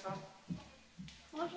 ça Moi, je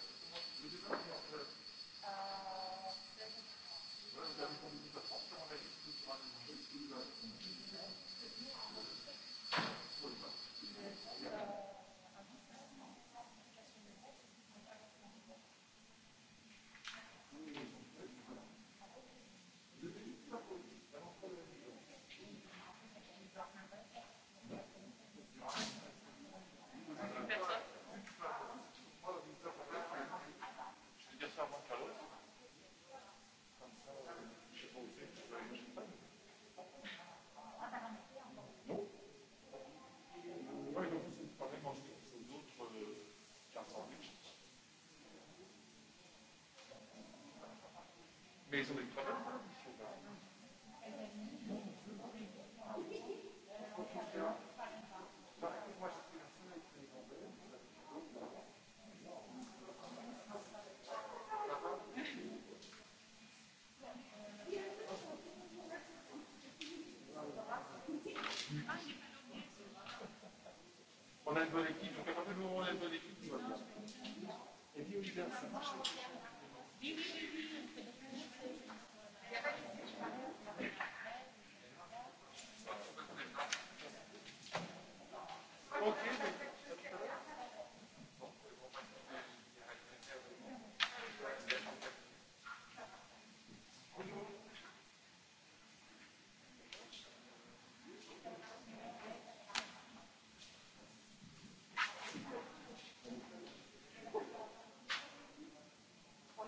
Basically, On a une bonne équipe, donc à partir du moment où on a une bonne équipe, tout va bien. Et oui, oui.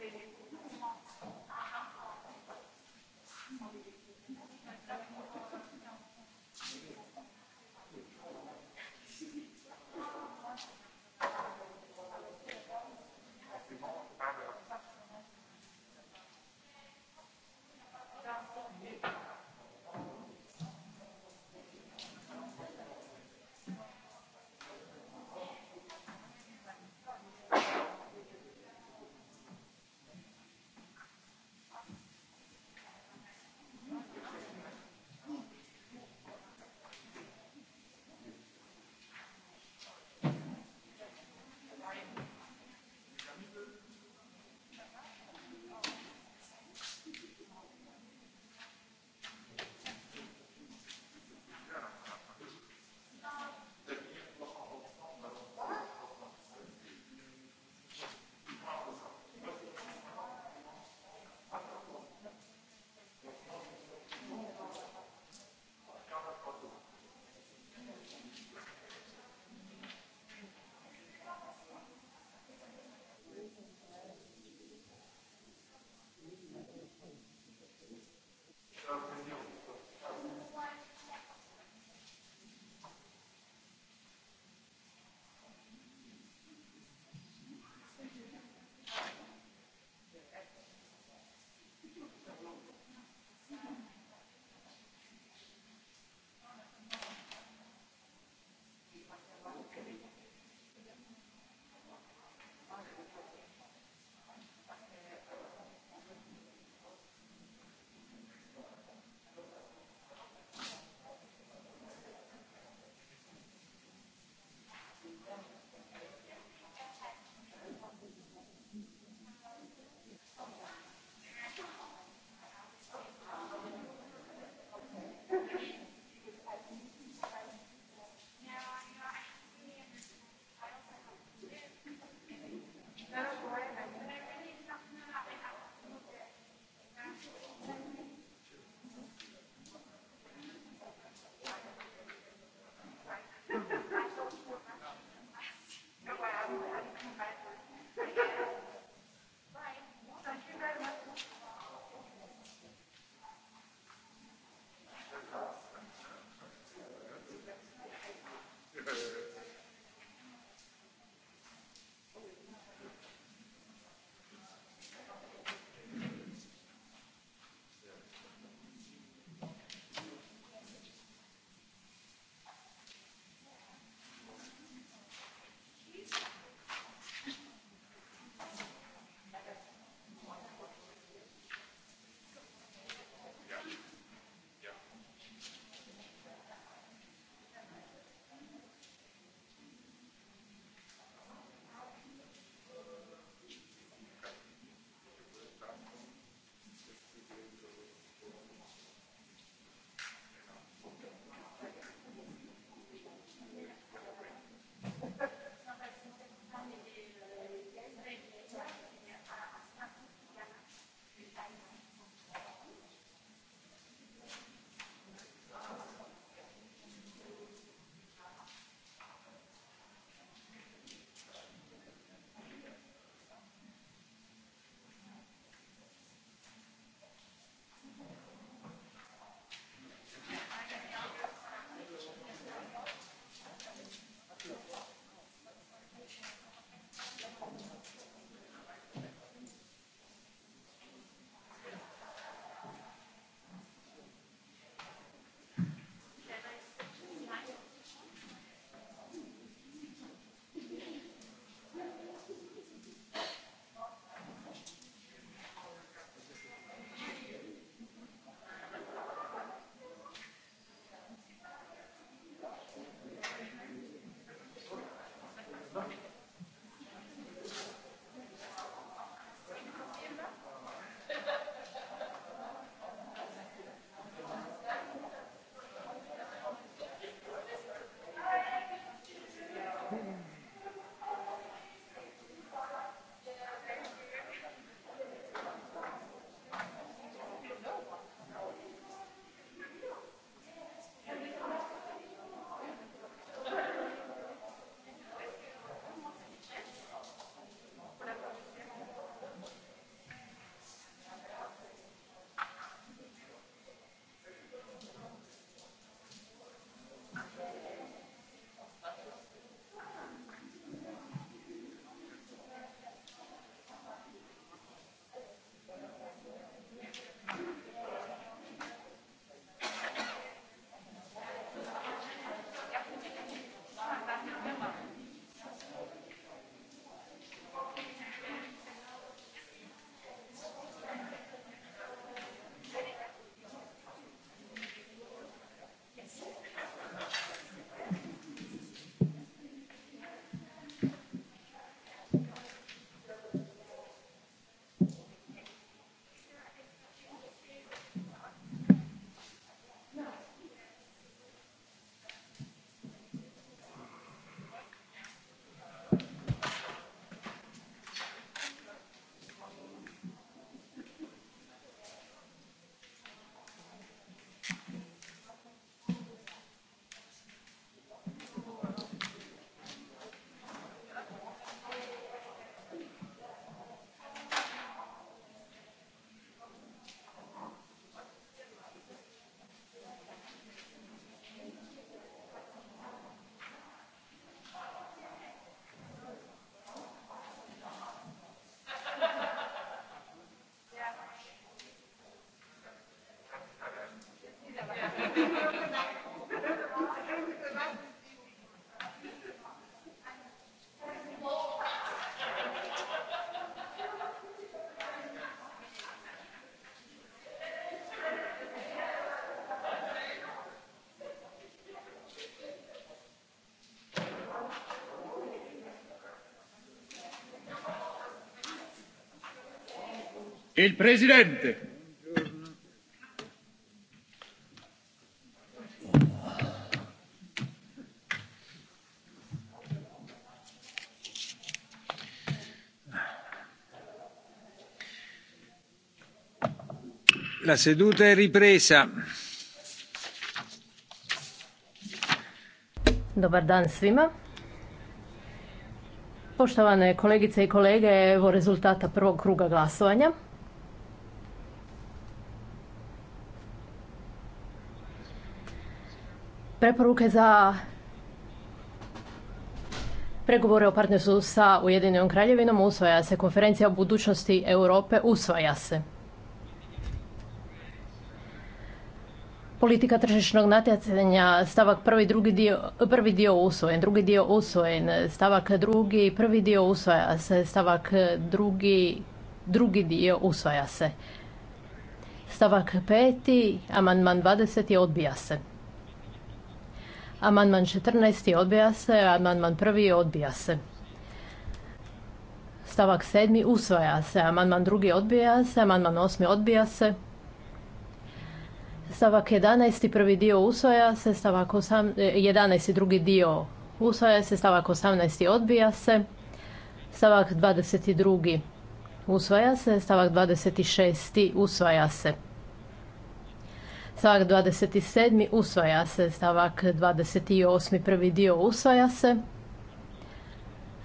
Hvala il presidente la seduta è ripresa dobar dan svima poštovane kolegice i kolege evo rezultata prvog kruga glasovanja preporuke za pregovore o partnerstvu sa Ujedinjenom kraljevinom usvaja se konferencija o budućnosti Europe usvaja se. Politika tržišnog natjecanja, stavak prvi, dio, prvi dio usvojen, drugi dio usvojen, stavak drugi, prvi dio usvaja se, stavak drugi, drugi dio usvaja se. Stavak peti, amandman 20 odbija se. Amandman 14. odbija se, amandman 1. odbija se. Stavak 7. usvaja se, amandman 2. odbija se, amandman 8. odbija se. Stavak 11. prvi dio usvaja se, stavak 11. E, drugi dio usvaja se, stavak 18. odbija se, stavak 22. usvaja se, stavak 26. usvaja se. Stavak 27. usvaja se. Stavak 28. prvi dio usvaja se.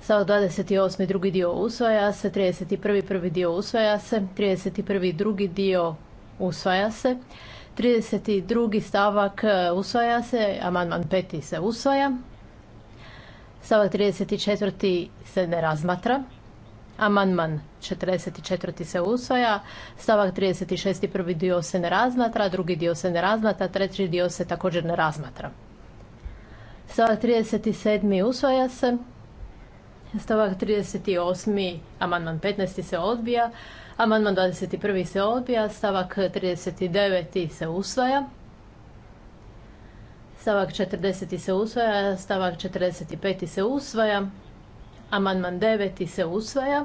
Stavak 28. drugi dio usvaja se. 31. prvi dio usvaja se. 31. drugi dio usvaja se. 32. stavak e, usvaja se. Amandman 5. se usvaja. Stavak 34. se ne razmatra. Amandman 44. se usvaja, stavak 36. prvi dio se ne razmatra, drugi dio se ne razmatra, treći dio se također ne razmatra. Stavak 37. usvaja se, stavak 38. amandman 15. se odbija, amandman 21. se odbija, stavak 39. se usvaja, stavak 40. se usvaja, stavak 45. se usvaja, Amandman 9. se usvaja.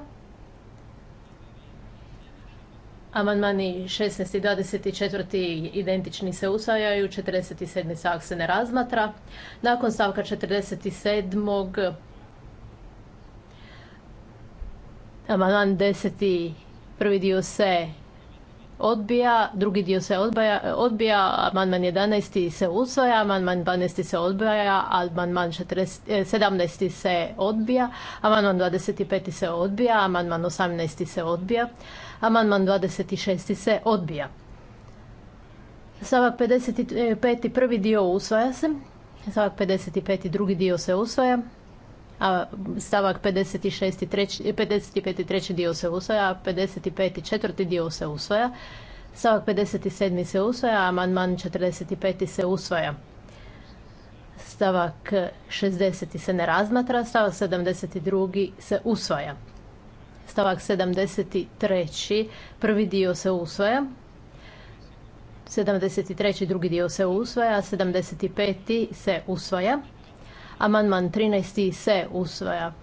Amandmani 16. i 24. identični se usvajaju, 47. stavak se ne razmatra. Nakon stavka 47. Amandman 10. prvi dio se odbija, drugi dio se odbaja, odbija, amandman 11. se usvaja, amandman 12. se odbija, amandman 17. se odbija, amandman 25. se odbija, amandman 18. se odbija, amandman 26. se odbija. Stavak 55. prvi dio usvaja se, stavak 55. drugi dio se usvaja, a stavak 55. treći dio se usvaja, a 55. četvrti dio se usvaja, stavak 57. se usvaja, a amandman 45. se usvaja. Stavak 60. se ne razmatra, stavak 72. se usvaja. Stavak 73. prvi dio se usvaja, 73. drugi dio se usvaja, 75. se usvaja, Amandman 13. se usvaja.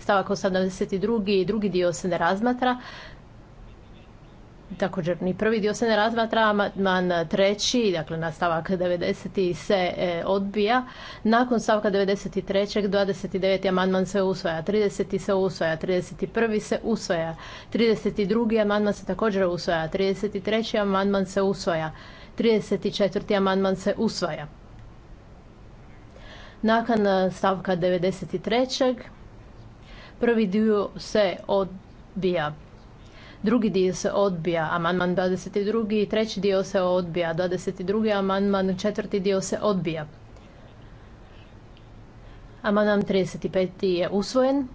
Stavak 82. i drugi dio se ne razmatra. Također ni prvi dio se ne razmatra, amandman treći, dakle na stavak 90. se e, odbija. Nakon stavka 93. 29. amandman se usvaja, 30. se usvaja, 31. se usvaja, 32. amandman se također usvaja, 33. amandman se usvaja, 34. amandman se usvaja. Nakon stavka 93. prvi dio se odbija. Drugi dio se odbija, amandman 22. Treći dio se odbija, 22. amandman, četvrti dio se odbija. Amandman 35. je usvojen.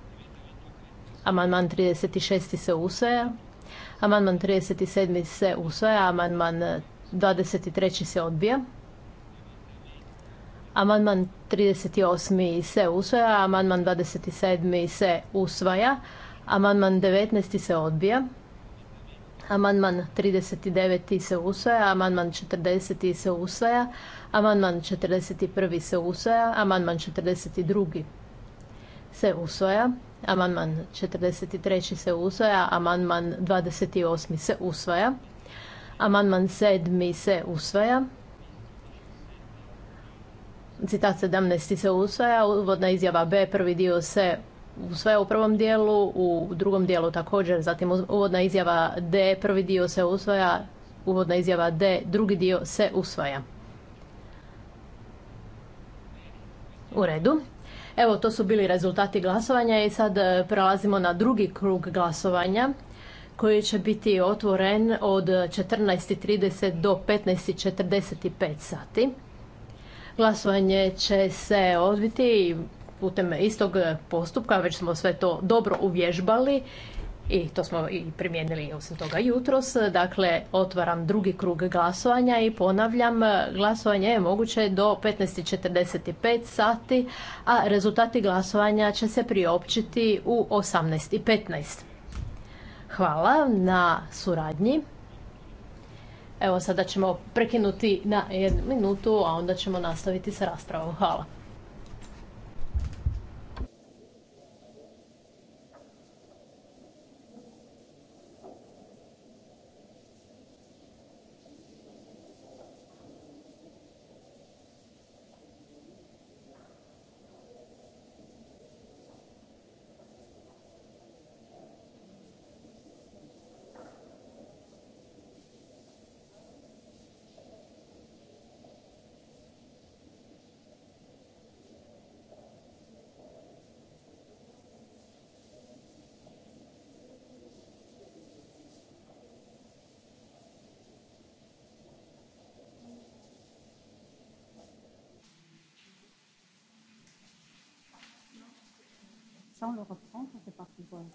Amandman 36. se usvaja. Amandman 37. se usvaja. Amandman 23. se odbija. Amandman 38. se usvaja, amandman 27. se usvaja, amandman 19. se odbija, amandman 39. se usvaja, amandman 40. se usvaja, amandman 41. se usvaja, amandman 42. se usvaja, amandman 43. se usvaja, amandman 28. se usvaja, amandman 7. se usvaja, Citat 17. se usvaja, uvodna izjava B, prvi dio se usvaja u prvom dijelu, u drugom dijelu također, zatim uvodna izjava D, prvi dio se usvaja, uvodna izjava D, drugi dio se usvaja. U redu. Evo, to su bili rezultati glasovanja i sad e, prelazimo na drugi krug glasovanja koji će biti otvoren od 14.30 do 15.45 sati. Glasovanje će se odviti putem istog postupka, već smo sve to dobro uvježbali i to smo i primijenili osim toga jutros. Dakle, otvaram drugi krug glasovanja i ponavljam, glasovanje je moguće do 15.45 sati, a rezultati glasovanja će se priopćiti u 18.15. Hvala na suradnji. Evo sada ćemo prekinuti na jednu minutu, a onda ćemo nastaviti sa raspravom. Hvala. on le reprendre, c'est parti pour la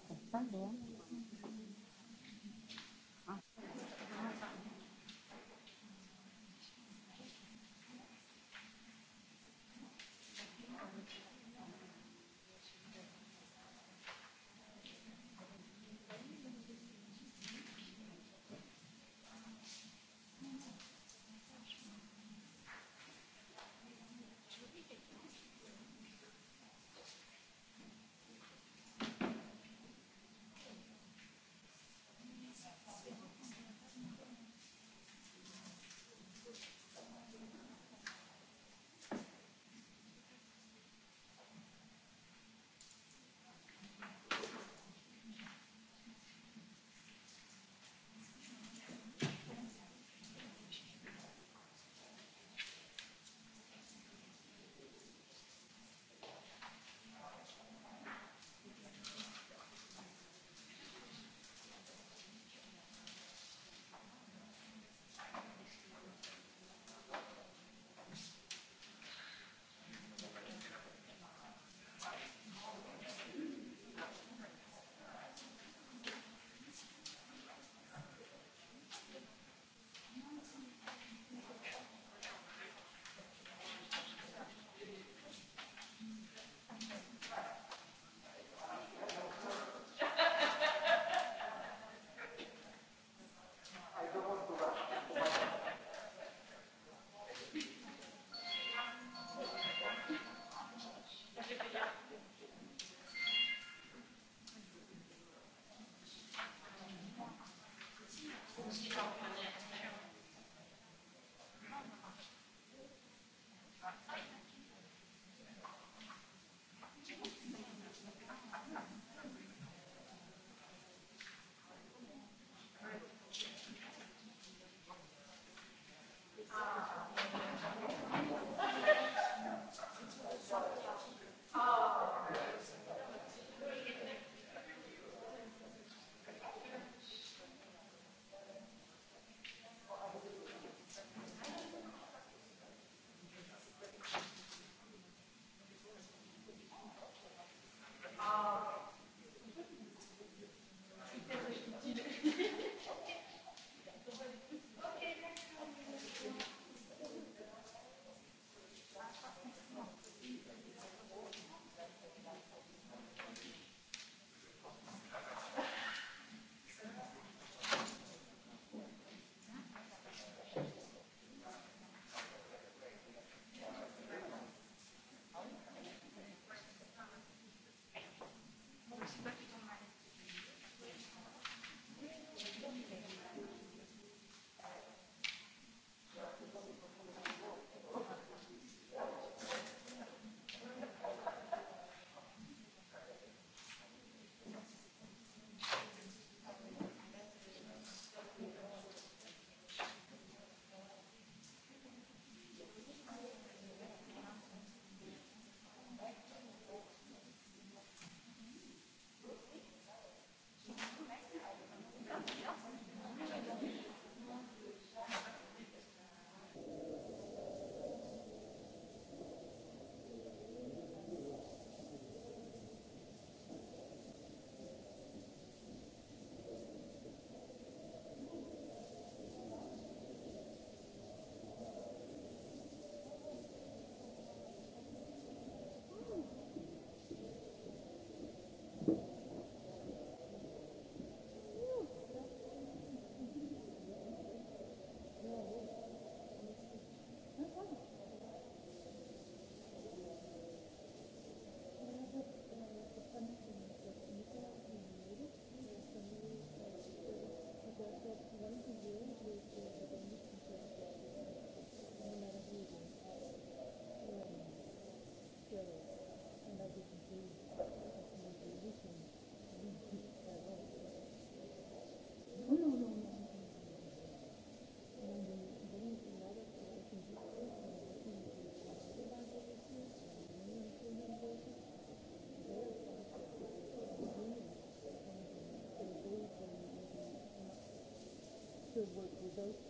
Work with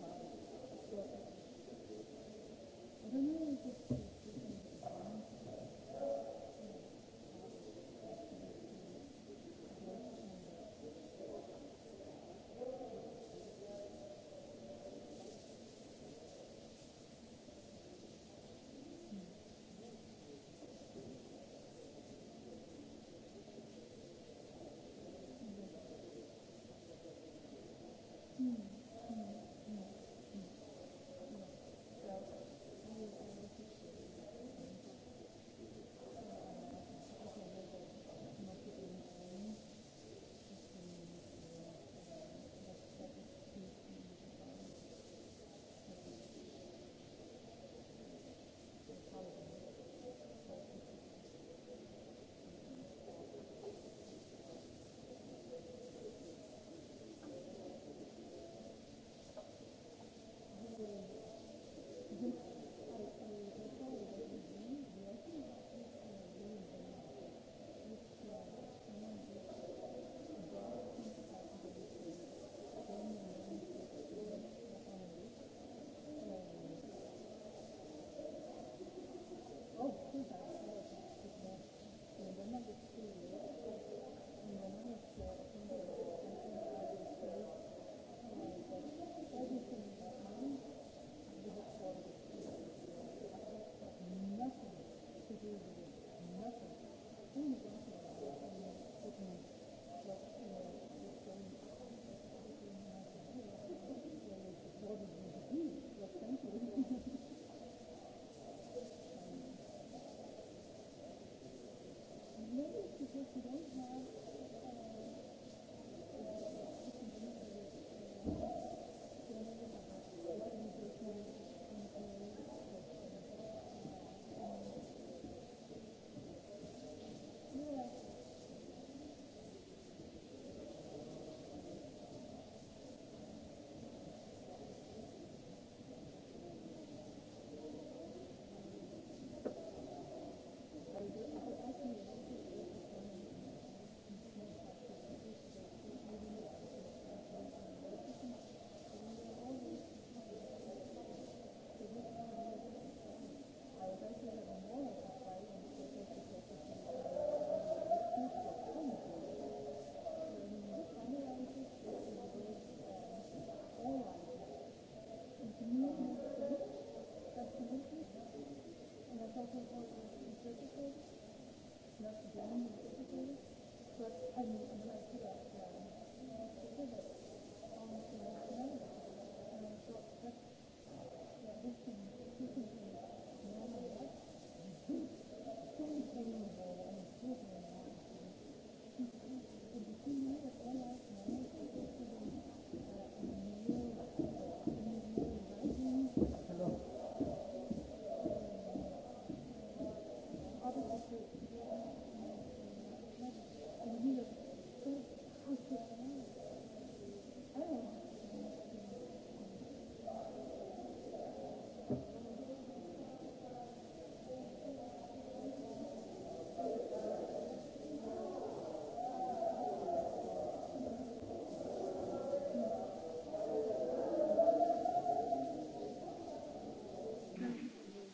But I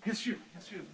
Yes, human.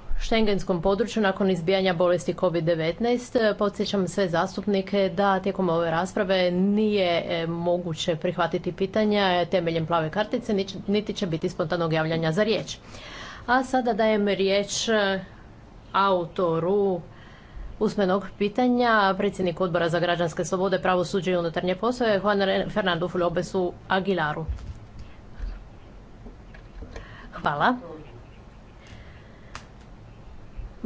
šengenskom području nakon izbijanja bolesti COVID-19. Podsjećam sve zastupnike da tijekom ove rasprave nije e, moguće prihvatiti pitanja temeljem plave kartice, niti će biti spontanog javljanja za riječ. A sada dajem riječ e, autoru usmenog pitanja, predsjednik odbora za građanske slobode, pravosuđe i unutarnje poslove, Juan Fernando Fulobesu Aguilaru. Hvala.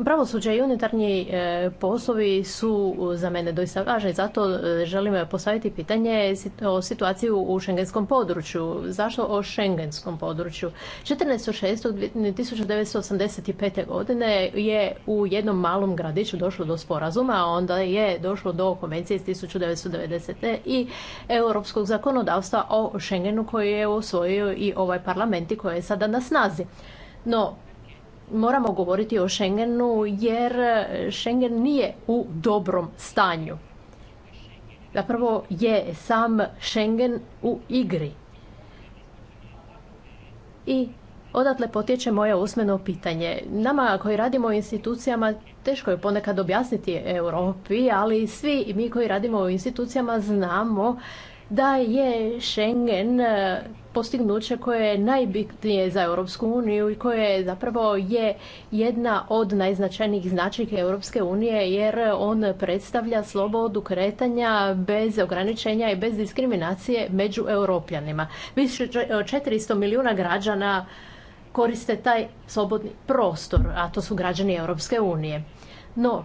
Pravosuđe i unutarnji e, poslovi su e, za mene doista važni, zato e, želim postaviti pitanje o situaciji u šengenskom području. Zašto o šengenskom području? 14.6.1985. godine je u jednom malom gradiću došlo do sporazuma, a onda je došlo do konvencije iz 1990. i europskog zakonodavstva o Schengenu koji je osvojio i ovaj parlament i koji je sada na snazi. No, moramo govoriti o Schengenu jer Schengen nije u dobrom stanju. Zapravo je sam Schengen u igri. I odatle potječe moje usmeno pitanje. Nama koji radimo u institucijama teško je ponekad objasniti Europi, ali svi mi koji radimo u institucijama znamo da je Schengen e, postignuće koje je najbitnije za Europsku uniju i koje zapravo je jedna od najznačajnijih značajki Europske unije jer on predstavlja slobodu kretanja bez ograničenja i bez diskriminacije među europljanima. Više od 400 milijuna građana koriste taj slobodni prostor, a to su građani Europske unije. No,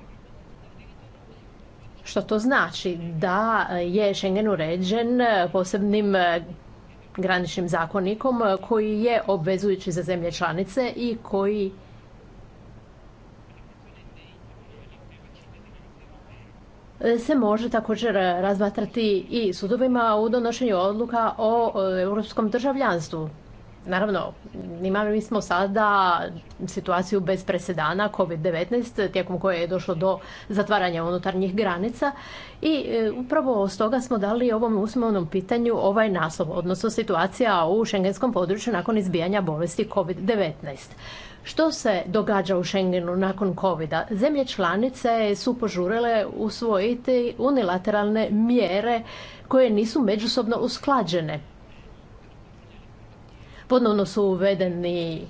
što to znači? Da eh, je Schengen uređen eh, posebnim eh, graničnim zakonikom koji je obvezujući za zemlje članice i koji se može također razmatrati i sudovima u donošenju odluka o europskom državljanstvu. Naravno, imali smo sada situaciju bez presedana COVID-19 tijekom koje je došlo do zatvaranja unutarnjih granica i e, upravo stoga smo dali ovom usmenom pitanju ovaj naslov, odnosno situacija u šengenskom području nakon izbijanja bolesti COVID-19. Što se događa u Schengenu nakon Covida? Zemlje članice su požurile usvojiti unilateralne mjere koje nisu međusobno usklađene. Ponovno su uvedeni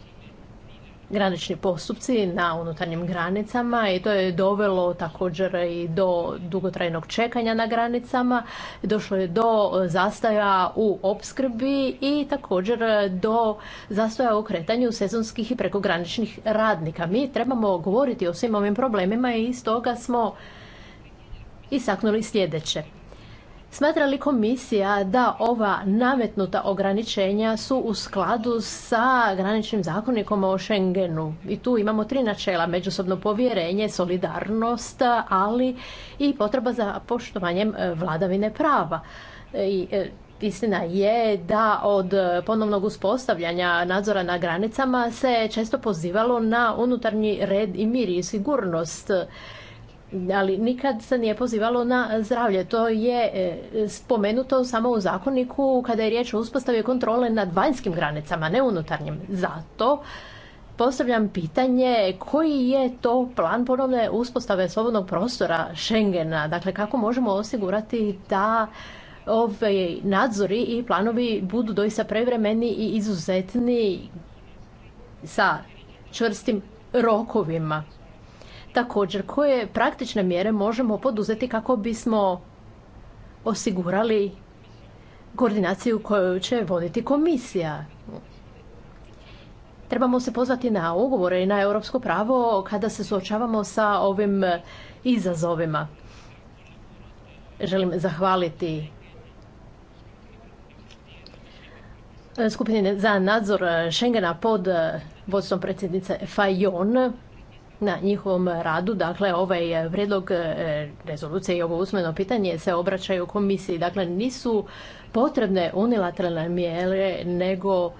granični postupci na unutarnjim granicama i to je dovelo također i do dugotrajnog čekanja na granicama, došlo je do zastaja u opskrbi i također do zastoja u kretanju sezonskih i prekograničnih radnika. Mi trebamo govoriti o svim ovim problemima i stoga smo istaknuli sljedeće. Smatra li komisija da ova nametnuta ograničenja su u skladu sa graničnim zakonikom o Schengenu? I tu imamo tri načela, međusobno povjerenje, solidarnost, ali i potreba za poštovanjem e, vladavine prava. E, I, e, Istina je da od ponovnog uspostavljanja nadzora na granicama se često pozivalo na unutarnji red i mir i sigurnost ali nikad se nije pozivalo na zdravlje. To je e, spomenuto samo u zakoniku kada je riječ o uspostavi kontrole nad vanjskim granicama, ne unutarnjim. Zato postavljam pitanje koji je to plan ponovne uspostave slobodnog prostora Schengena? Dakle, kako možemo osigurati da ove nadzori i planovi budu doista prevremeni i izuzetni sa čvrstim rokovima? Također, koje praktične mjere možemo poduzeti kako bismo osigurali koordinaciju koju će voditi komisija? Trebamo se pozvati na ugovore i na europsko pravo kada se suočavamo sa ovim izazovima. Želim zahvaliti skupine za nadzor Schengena pod vodstvom predsjednice Fajon na njihovom radu. Dakle, ovaj eh, prijedlog eh, rezolucije i ovo usmeno pitanje se obraćaju komisiji. Dakle, nisu potrebne unilateralne mjere, nego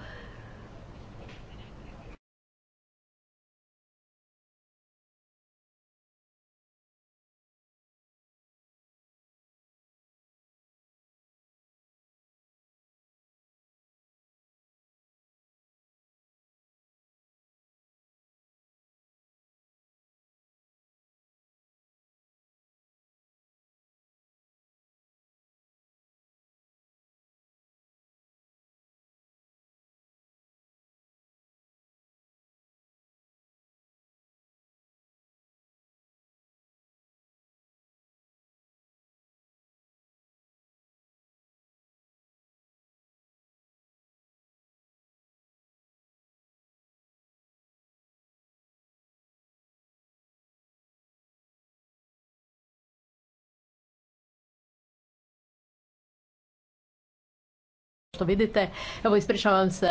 vidite. Evo, ispričavam se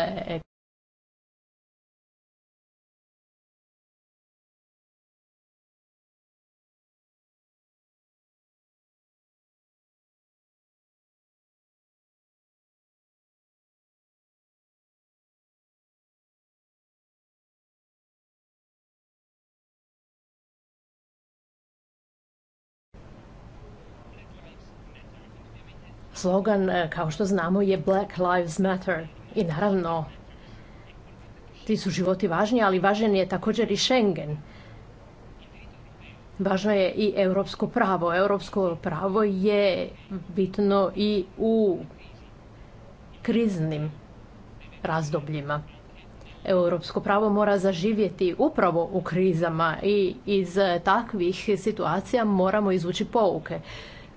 slogan, e, kao što znamo, je Black Lives Matter. I naravno, ti su životi važni, ali važan je također i Schengen. Važno je i europsko pravo. Europsko pravo je bitno i u kriznim razdobljima. Europsko pravo mora zaživjeti upravo u krizama i iz takvih situacija moramo izvući pouke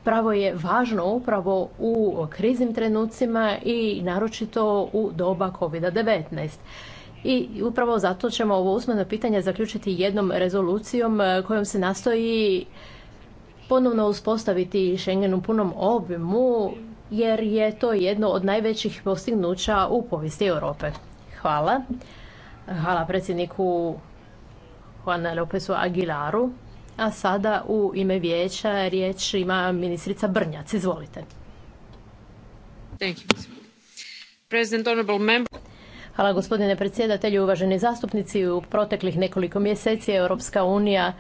pravo je važno upravo u kriznim trenucima i naročito u doba COVID-19. I upravo zato ćemo ovo usmeno pitanje zaključiti jednom rezolucijom e, kojom se nastoji ponovno uspostaviti Schengen u punom obimu jer je to jedno od najvećih postignuća u povijesti Europe. Hvala. Hvala predsjedniku Juana Lopesu Aguilaru. A sada u ime vijeća riječ ima ministrica Brnjac. Izvolite. Thank Hvala gospodine predsjedatelju, uvaženi zastupnici. U proteklih nekoliko mjeseci Europska unija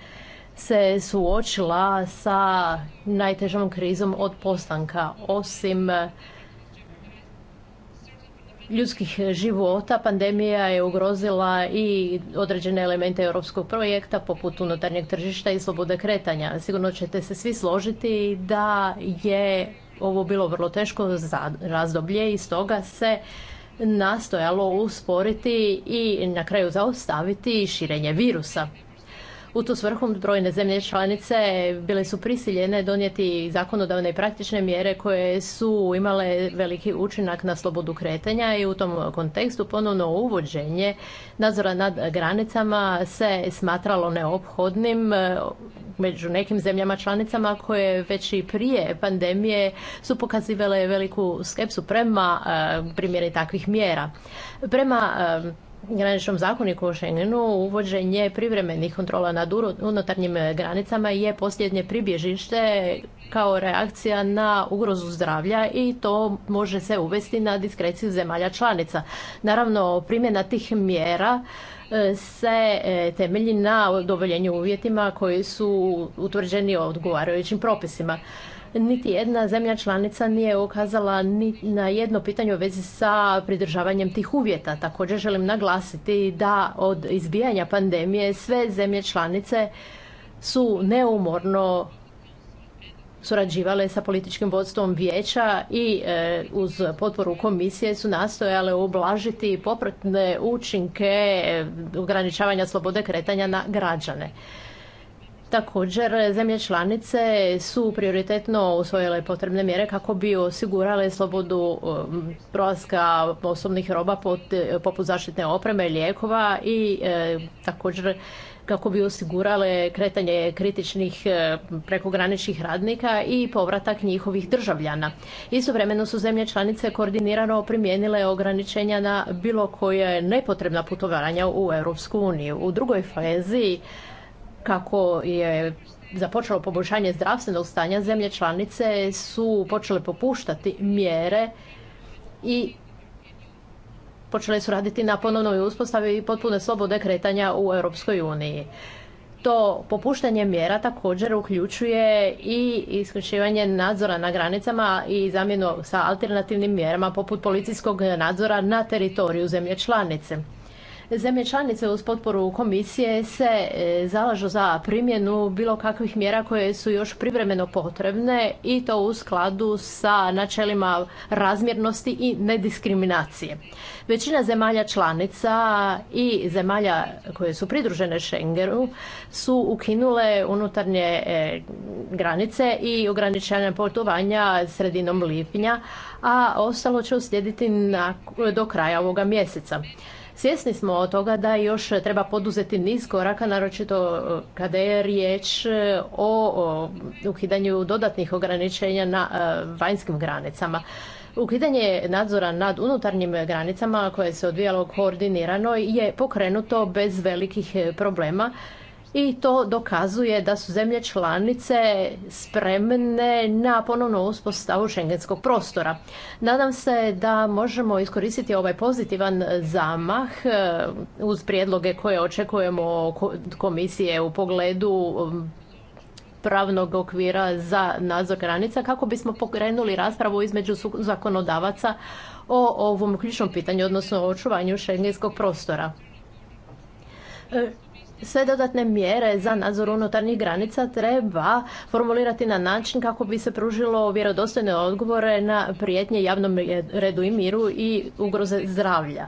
se suočila sa najtežom krizom od postanka. Osim ljudskih života, pandemija je ugrozila i određene elemente europskog projekta poput unutarnjeg tržišta i slobode kretanja. Sigurno ćete se svi složiti da je ovo bilo vrlo teško razdoblje i stoga se nastojalo usporiti i na kraju zaustaviti širenje virusa. U tu svrhu brojne zemlje članice bile su prisiljene donijeti zakonodavne i praktične mjere koje su imale veliki učinak na slobodu kretanja i u tom kontekstu ponovno uvođenje nadzora nad granicama se smatralo neophodnim e, među nekim zemljama članicama koje već i prije pandemije su pokazivale veliku skepsu prema e, primjeri takvih mjera. Prema e, graničnom zakoniku u Schengenu uvođenje privremenih kontrola nad unutarnjim e, granicama je posljednje pribježište kao reakcija na ugrozu zdravlja i to može se uvesti na diskreciju zemalja članica. Naravno, primjena tih mjera e, se e, temelji na udovoljenju uvjetima koji su utvrđeni odgovarajućim propisima niti jedna zemlja članica nije ukazala ni na jedno pitanje u vezi sa pridržavanjem tih uvjeta. Također želim naglasiti da od izbijanja pandemije sve zemlje članice su neumorno surađivale sa političkim vodstvom vijeća i e, uz potporu komisije su nastojale ublažiti popratne učinke e, ograničavanja slobode kretanja na građane. Također, zemlje članice su prioritetno usvojile potrebne mjere kako bi osigurale slobodu um, prolaska osobnih roba poput zaštitne opreme, lijekova i e, također kako bi osigurale kretanje kritičnih e, prekograničnih radnika i povratak njihovih državljana. Istovremeno su zemlje članice koordinirano primijenile ograničenja na bilo koje nepotrebna putovanja u Europsku U drugoj fazi kako je započelo poboljšanje zdravstvenog stanja, zemlje članice su počele popuštati mjere i počele su raditi na ponovnoj uspostavi i potpune slobode kretanja u Europskoj uniji. To popuštanje mjera također uključuje i isključivanje nadzora na granicama i zamjenu sa alternativnim mjerama poput policijskog nadzora na teritoriju zemlje članice zemlje članice uz potporu komisije se e, zalažu za primjenu bilo kakvih mjera koje su još privremeno potrebne i to u skladu sa načelima razmjernosti i nediskriminacije. Većina zemalja članica i zemalja koje su pridružene Schengenu su ukinule unutarnje e, granice i ograničenja putovanja sredinom lipnja, a ostalo će uslijediti do kraja ovoga mjeseca. Svjesni smo od toga da još treba poduzeti niz koraka, naročito e, kada je riječ e, o ukidanju dodatnih ograničenja na e, vanjskim granicama. Ukidanje nadzora nad unutarnjim granicama koje se odvijalo koordinirano je pokrenuto bez velikih problema i to dokazuje da su zemlje članice spremne na ponovnu uspostavu šengenskog prostora. Nadam se da možemo iskoristiti ovaj pozitivan zamah e, uz prijedloge koje očekujemo komisije u pogledu pravnog okvira za nadzor granica kako bismo pokrenuli raspravu između zakonodavaca o ovom ključnom pitanju, odnosno o očuvanju šengenskog prostora. E, sve dodatne mjere za nadzor unutarnjih granica treba formulirati na način kako bi se pružilo vjerodostojne odgovore na prijetnje javnom redu i miru i ugroze zdravlja.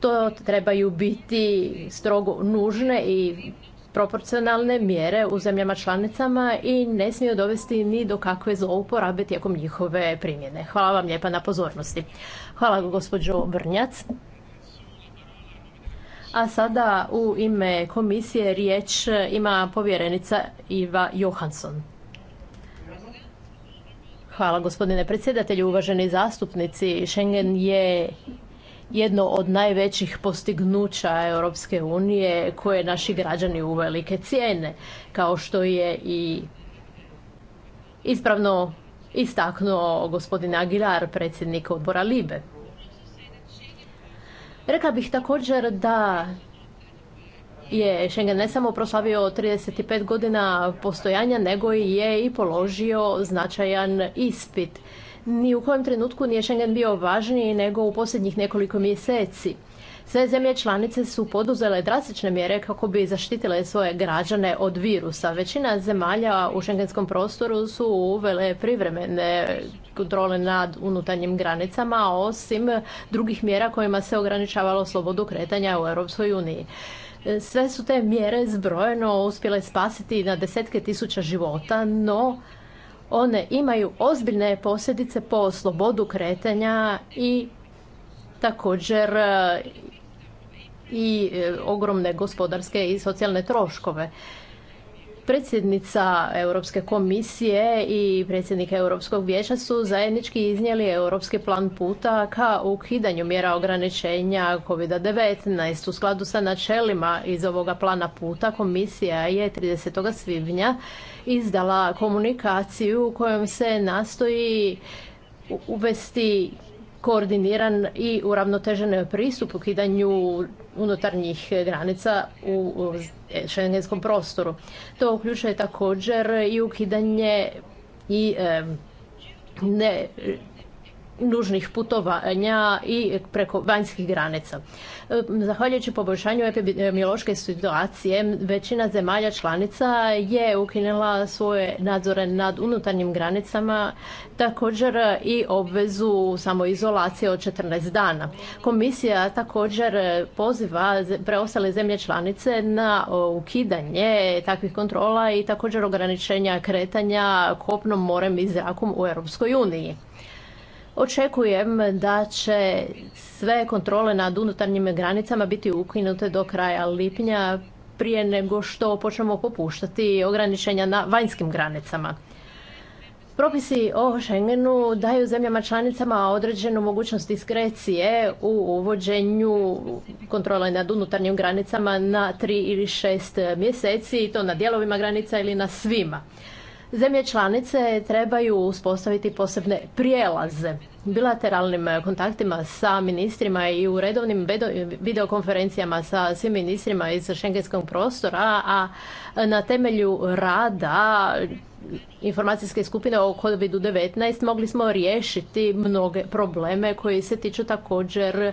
To trebaju biti strogo nužne i proporcionalne mjere u zemljama članicama i ne smiju dovesti ni do kakve zlouporabe tijekom njihove primjene. Hvala vam lijepa na pozornosti. Hvala gospođo Brnjac. A sada u ime komisije riječ ima povjerenica Iva Johansson. Hvala gospodine predsjedatelju, uvaženi zastupnici. Schengen je jedno od najvećih postignuća Europske unije koje naši građani uvelike cijene, kao što je i ispravno istaknuo gospodin Aguilar, predsjednik odbora Libe. Rekla bih također da je Schengen ne samo proslavio 35 godina postojanja, nego je i položio značajan ispit. Ni u kojem trenutku nije Schengen bio važniji nego u posljednjih nekoliko mjeseci. Sve zemlje članice su poduzele drastične mjere kako bi zaštitile svoje građane od virusa. Većina zemalja u šengenskom prostoru su uvele privremene kontrole nad unutarnjim granicama, osim drugih mjera kojima se ograničavalo slobodu kretanja u Europskoj uniji. Sve su te mjere zbrojeno uspjele spasiti na desetke tisuća života, no one imaju ozbiljne posljedice po slobodu kretanja i također i e, ogromne gospodarske i socijalne troškove. Predsjednica Europske komisije i predsjednik Europskog vijeća su zajednički iznijeli europski plan puta ka ukidanju mjera ograničenja COVID-19. U skladu sa načelima iz ovoga plana puta komisija je 30. svibnja izdala komunikaciju u kojom se nastoji uvesti koordiniran i uravnotežen pristup ukidanju unutarnjih granica u šengenskom prostoru. To uključuje također i ukidanje i ne nužnih putovanja i preko vanjskih granica. E, zahvaljujući poboljšanju epidemiološke situacije, većina zemalja članica je ukinula svoje nadzore nad unutarnjim granicama, također i obvezu samoizolacije od 14 dana. Komisija također poziva preostale zemlje članice na ukidanje takvih kontrola i također ograničenja kretanja kopnom, morem i zrakom u Europskoj uniji. Očekujem da će sve kontrole nad unutarnjim granicama biti ukinute do kraja lipnja prije nego što počnemo popuštati ograničenja na vanjskim granicama. Propisi o Schengenu daju zemljama članicama određenu mogućnost diskrecije u uvođenju kontrole nad unutarnjim granicama na tri ili šest mjeseci i to na dijelovima granica ili na svima. Zemlje članice trebaju uspostaviti posebne prijelaze. Bilateralnim kontaktima sa ministrima i u redovnim videokonferencijama sa svim ministrima iz šengenskog prostora, a na temelju rada informacijske skupine o COVID-19 mogli smo riješiti mnoge probleme koji se tiču također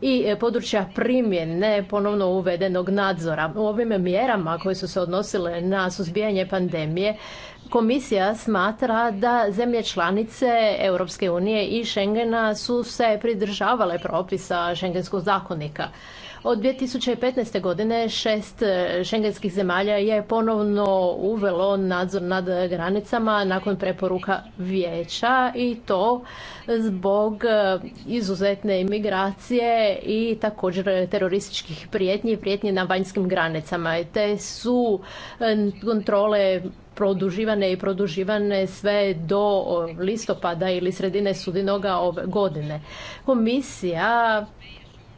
i područja primjene ponovno uvedenog nadzora. U ovim mjerama koje su se odnosile na suzbijanje pandemije Komisija smatra da zemlje članice Europske unije i Schengena su se pridržavale propisa Schengenskog zakonika. Od 2015. godine šest e, šengenskih zemalja je ponovno uvelo nadzor nad granicama nakon preporuka vijeća i to zbog e, izuzetne imigracije i također terorističkih prijetnji i prijetnji na vanjskim granicama. Te su e, kontrole produživane i produživane sve do listopada ili sredine sudinoga ove godine. Komisija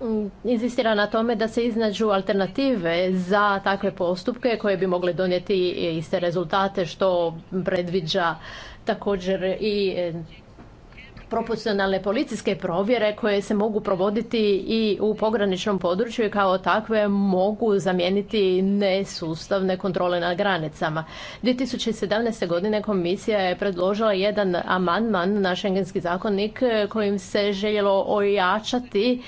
Mm, inzistira na tome da se iznađu alternative za takve postupke koje bi mogle donijeti iste rezultate što predviđa također i e, proporcionalne policijske provjere koje se mogu provoditi i u pograničnom području i kao takve mogu zamijeniti nesustavne kontrole na granicama. 2017. godine komisija je predložila jedan amandman na šengenski zakonnik, e, kojim se željelo ojačati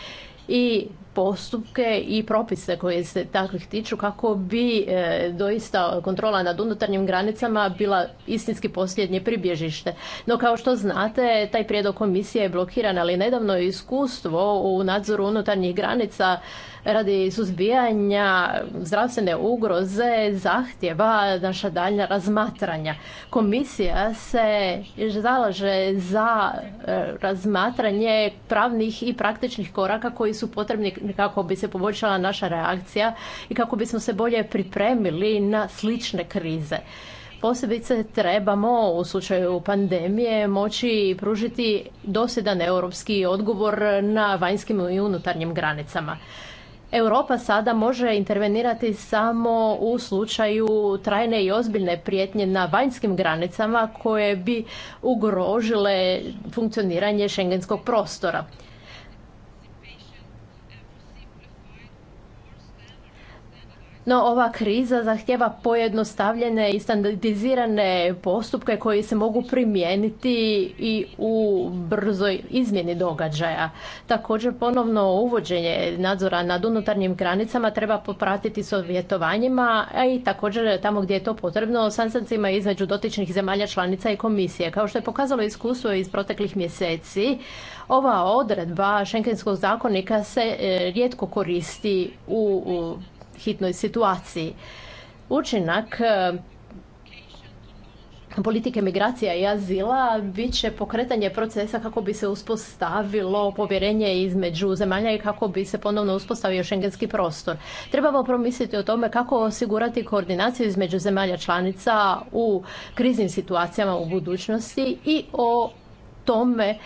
i postupke i propise koje se takvih tiču kako bi e, doista kontrola nad unutarnjim granicama bila istinski posljednje pribježište. No kao što znate, taj prijedlog komisije je blokiran, ali nedavno je iskustvo u nadzoru unutarnjih granica radi suzbijanja zdravstvene ugroze zahtjeva naša daljnja razmatranja. Komisija se zalaže za e, razmatranje pravnih i praktičnih koraka koji su potrebni kako bi se poboljšala naša reakcija i kako bismo se bolje pripremili na slične krize. Posebice trebamo u slučaju pandemije moći pružiti dosjedan europski odgovor na vanjskim i unutarnjim granicama. Europa sada može intervenirati samo u slučaju trajne i ozbiljne prijetnje na vanjskim granicama koje bi ugrožile funkcioniranje šengenskog prostora. No, ova kriza zahtjeva pojednostavljene i standardizirane postupke koji se mogu primijeniti i u brzoj izmjeni događaja. Također, ponovno uvođenje nadzora nad unutarnjim granicama treba popratiti s odvjetovanjima, a i također tamo gdje je to potrebno, sastancima između dotičnih zemalja članica i komisije. Kao što je pokazalo iskustvo iz proteklih mjeseci, ova odredba Šenkenskog zakonika se e, rijetko koristi u hitnoj situaciji. Učinak e, politike migracija i azila bit će pokretanje procesa kako bi se uspostavilo povjerenje između zemalja i kako bi se ponovno uspostavio šengenski prostor. Trebamo promisliti o tome kako osigurati koordinaciju između zemalja članica u kriznim situacijama u budućnosti i o tome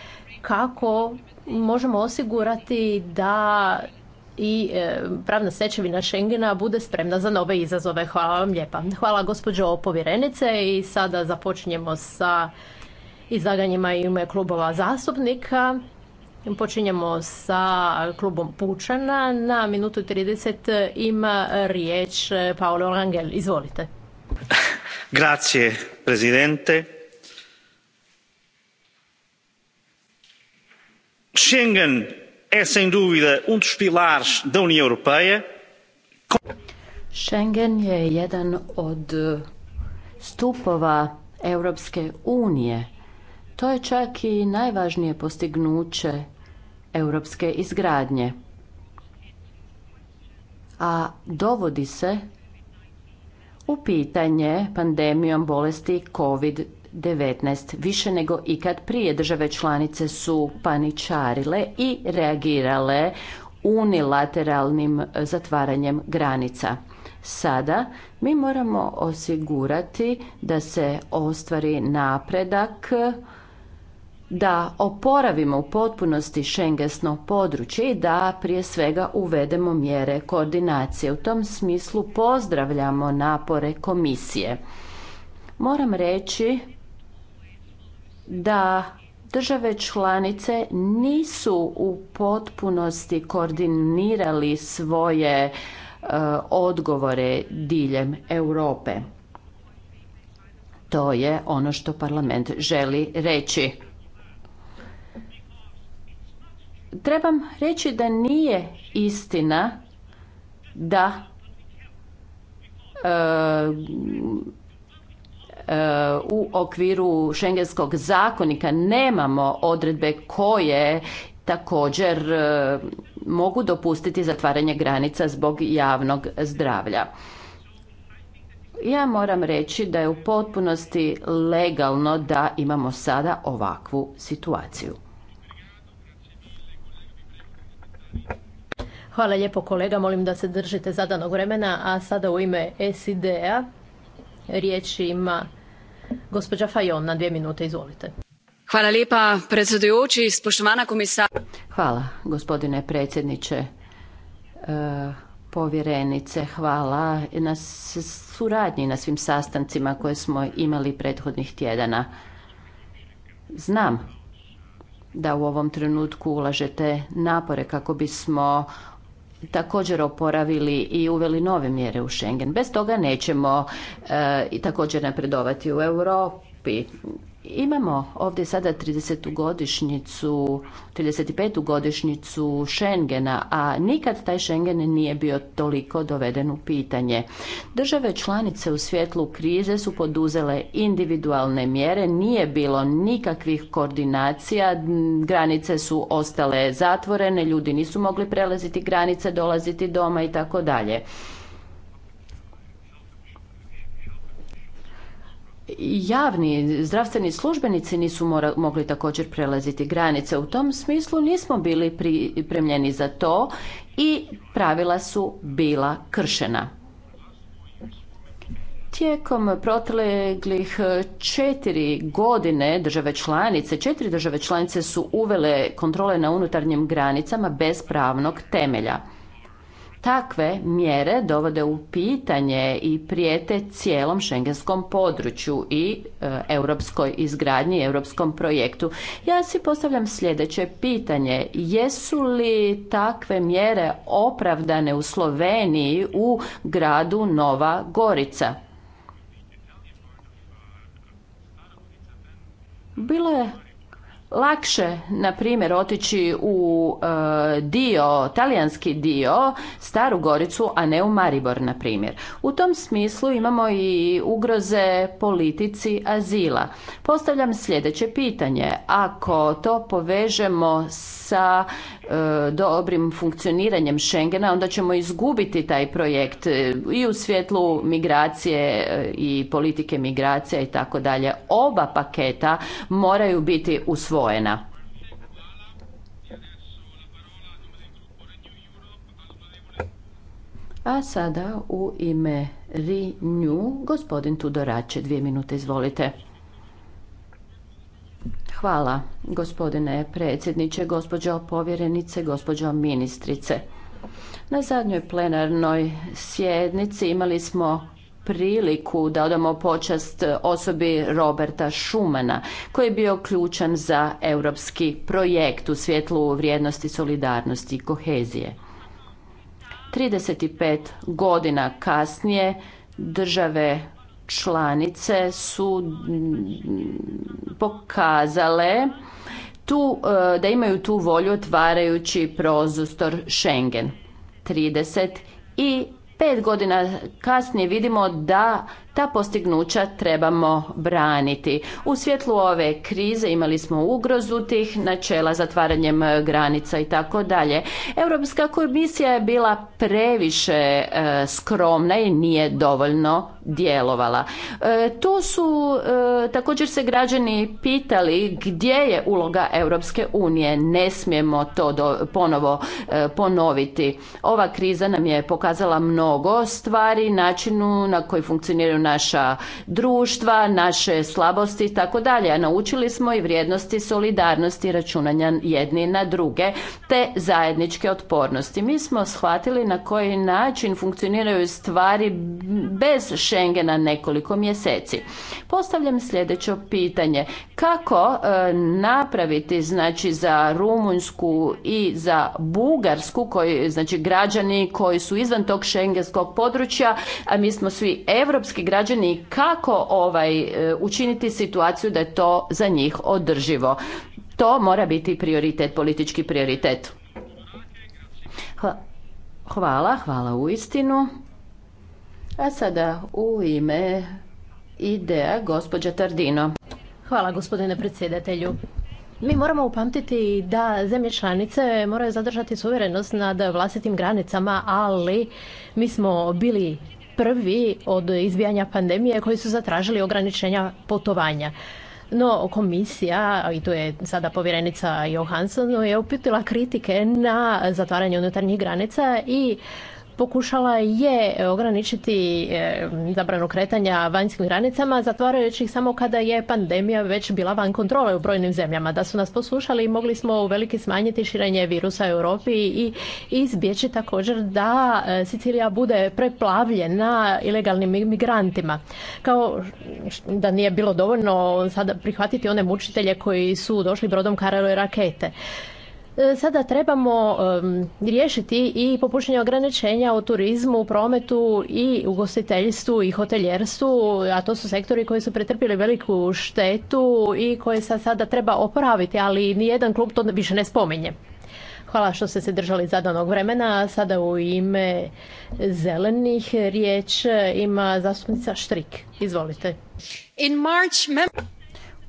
kako možemo osigurati da i e, pravna stečevina Schengena bude spremna za nove izazove. Hvala vam lijepa. Hvala gospođo povjerenice i sada započinjemo sa izlaganjima ime klubova zastupnika. Počinjemo sa klubom Pučana. Na minutu 30 ima riječ e, Paolo Rangel. Izvolite. Grazie, prezidente. Schengen é sem dúvida um dos pilares da Schengen je jedan od stupova Europske unije. To je čak i najvažnije postignuće europske izgradnje. A dovodi se u pitanje pandemijom bolesti COVID-19. Više nego ikad prije države članice su paničarile i reagirale unilateralnim e, zatvaranjem granica. Sada mi moramo osigurati da se ostvari napredak da oporavimo u potpunosti šengesno područje i da prije svega uvedemo mjere koordinacije. U tom smislu pozdravljamo napore komisije. Moram reći da države članice nisu u potpunosti koordinirali svoje e, odgovore diljem Europe. To je ono što parlament želi reći. Trebam reći da nije istina da e, E, u okviru šengenskog zakonika nemamo odredbe koje također e, mogu dopustiti zatvaranje granica zbog javnog zdravlja. Ja moram reći da je u potpunosti legalno da imamo sada ovakvu situaciju. Hvala lijepo kolega, molim da se držite zadanog vremena, a sada u ime SID-a Riječ ima gospođa Fajon na dvije minute, izvolite. Hvala lijepa predsjedujući, spoštovana komisar. Hvala gospodine predsjedniče e, povjerenice, hvala na suradnji na svim sastancima koje smo imali prethodnih tjedana. Znam da u ovom trenutku ulažete napore kako bismo također oporavili i uveli nove mjere u Schengen. Bez toga nećemo e, i također napredovati u Europi. Imamo ovdje sada 30. godišnjicu, 35. godišnjicu Schengena, a nikad taj Schengen nije bio toliko doveden u pitanje. Države članice u svjetlu krize su poduzele individualne mjere, nije bilo nikakvih koordinacija, granice su ostale zatvorene, ljudi nisu mogli prelaziti granice, dolaziti doma i tako dalje. javni zdravstveni službenici nisu mogli također prelaziti granice. U tom smislu nismo bili pripremljeni za to i pravila su bila kršena. Tijekom proteklih četiri godine države članice, četiri države članice su uvele kontrole na unutarnjim granicama bez pravnog temelja. Takve mjere dovode u pitanje i prijete cijelom šengenskom području i e, europskoj izgradnji, europskom projektu. Ja si postavljam sljedeće pitanje. Jesu li takve mjere opravdane u Sloveniji u gradu Nova Gorica? Bilo je lakše na primjer otići u e, dio talijanski dio Staru Goricu a ne u Maribor na primjer. U tom smislu imamo i ugroze politici azila. Postavljam sljedeće pitanje. Ako to povežemo sa e, dobrim funkcioniranjem Schengena onda ćemo izgubiti taj projekt e, i u svjetlu migracije i politike migracija i tako dalje. Oba paketa moraju biti u u usvojena. A sada u ime Renew, gospodin Tudorače, dvije minute, izvolite. Hvala, gospodine predsjedniče, gospođo povjerenice, gospođo ministrice. Na zadnjoj plenarnoj sjednici imali smo priliku da odamo počast osobi Roberta Schumana koji je bio ključan za europski projekt u svjetlu vrijednosti solidarnosti i kohezije. 35 godina kasnije države članice su mm, pokazale tu, eh, da imaju tu volju otvarajući prozostor Schengen. 30 i Pet godina kasnije vidimo da ta postignuća trebamo braniti. U svjetlu ove krize imali smo ugrozu tih načela zatvaranjem granica i tako dalje. Europska komisija je bila previše e, skromna i nije dovoljno djelovala. E, tu su e, također se građani pitali gdje je uloga Europske unije. Ne smijemo to ponovo ponoviti. Ova kriza nam je pokazala mnogo stvari, načinu na koji funkcioniraju naša društva, naše slabosti i tako dalje. A naučili smo i vrijednosti solidarnosti računanja jedni na druge te zajedničke otpornosti. Mi smo shvatili na koji način funkcioniraju stvari bez Schengena nekoliko mjeseci. Postavljam sljedeće pitanje. Kako e, napraviti znači za Rumunjsku i za Bugarsku koji znači građani koji su izvan tog Schengenskog područja, a mi smo svi europski građani građani kako ovaj, e, učiniti situaciju da je to za njih održivo. To mora biti prioritet, politički prioritet. Hvala, hvala u istinu. A sada u ime ideja gospođa Tardino. Hvala gospodine predsjedatelju. Mi moramo upamtiti da zemlje članice moraju zadržati suverenost nad vlastitim granicama, ali mi smo bili prvi od izbijanja pandemije koji su zatražili ograničenja potovanja. No, komisija, i tu je sada povjerenica Johansson, je upitila kritike na zatvaranje unutarnjih granica i pokušala je e, ograničiti e, zabranu kretanja vanjskim granicama, zatvarajući ih samo kada je pandemija već bila van kontrole u brojnim zemljama. Da su nas poslušali mogli smo u veliki smanjiti širenje virusa u Europi i izbjeći također da e, Sicilija bude preplavljena ilegalnim migrantima. Kao da nije bilo dovoljno sada prihvatiti one mučitelje koji su došli brodom i rakete. E, sada trebamo riješiti i popuštenje ograničenja u turizmu, prometu i ugostiteljstvu i hoteljerstvu, a to su sektori koji su pretrpili veliku štetu i koje se sada treba opraviti, ali nijedan klub to više ne spominje. Hvala što ste se držali zadanog vremena. Sada u ime zelenih riječ ima zastupnica Štrik. Izvolite.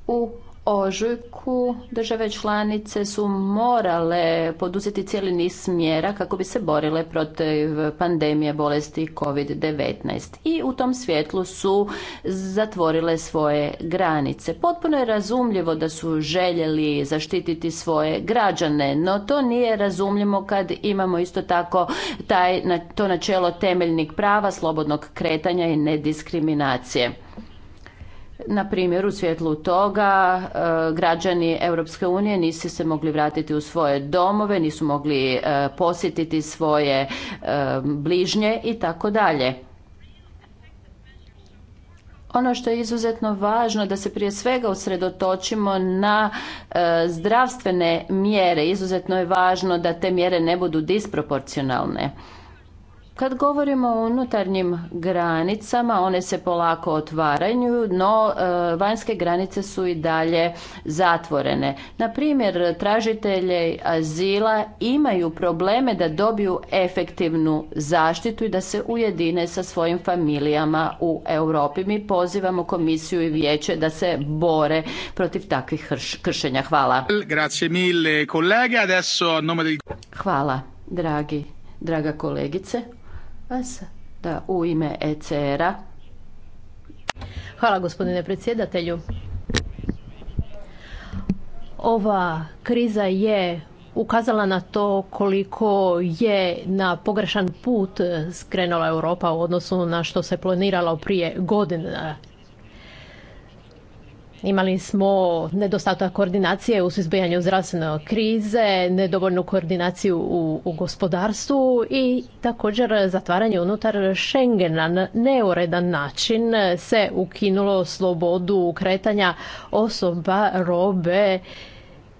u ožujku države članice su morale poduzeti cijeli niz mjera kako bi se borile protiv pandemije bolesti COVID-19 i u tom svjetlu su zatvorile svoje granice. Potpuno je razumljivo da su željeli zaštititi svoje građane, no to nije razumljivo kad imamo isto tako taj, to načelo temeljnih prava, slobodnog kretanja i nediskriminacije. Na primjer, u svjetlu toga e, građani Europske unije nisu se mogli vratiti u svoje domove, nisu mogli e, posjetiti svoje e, bližnje i tako dalje. Ono što je izuzetno važno da se prije svega usredotočimo na zdravstvene mjere, izuzetno je važno da te mjere ne budu disproporcionalne. Kad govorimo o unutarnjim granicama, one se polako otvaraju, no e, vanjske granice su i dalje zatvorene. Na primjer, tražitelje azila imaju probleme da dobiju efektivnu zaštitu i da se ujedine sa svojim familijama u Europi. Mi pozivamo komisiju i vijeće da se bore protiv takvih kršenja. Hvala. Hvala, dragi, draga kolegice. A da u ime ecr Hvala gospodine predsjedatelju. Ova kriza je ukazala na to koliko je na pogrešan put skrenula Europa u odnosu na što se planiralo prije godina Imali smo nedostatak koordinacije u suzbijanju zdravstvene krize, nedovoljnu koordinaciju u, u gospodarstvu i također zatvaranje unutar Schengena na neuredan način se ukinulo slobodu kretanja osoba, robe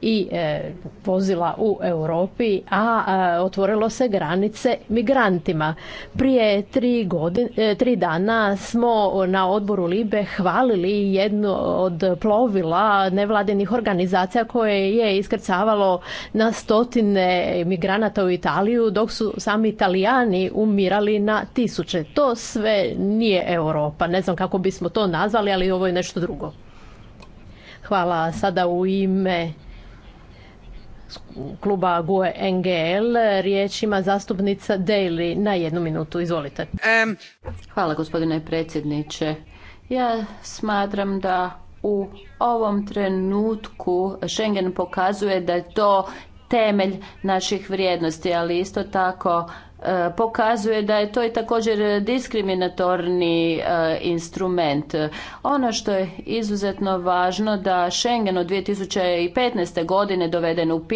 i e, vozila u Europi, a e, otvorilo se granice migrantima. Prije tri, e, tri dana smo na odboru Libe hvalili jednu od plovila nevladinih organizacija koje je iskrcavalo na stotine migranata u Italiju dok su sami Italijani umirali na tisuće. To sve nije Europa. Ne znam kako bismo to nazvali, ali ovo je nešto drugo. Hvala sada u ime kluba GUE NGL. Riječ ima zastupnica Daily na jednu minutu. Izvolite. Hvala gospodine predsjedniče. Ja smatram da u ovom trenutku Schengen pokazuje da je to temelj naših vrijednosti, ali isto tako E, pokazuje da je to i također diskriminatorni e, instrument. Ono što je izuzetno važno da Schengen od 2015. godine doveden u pitanje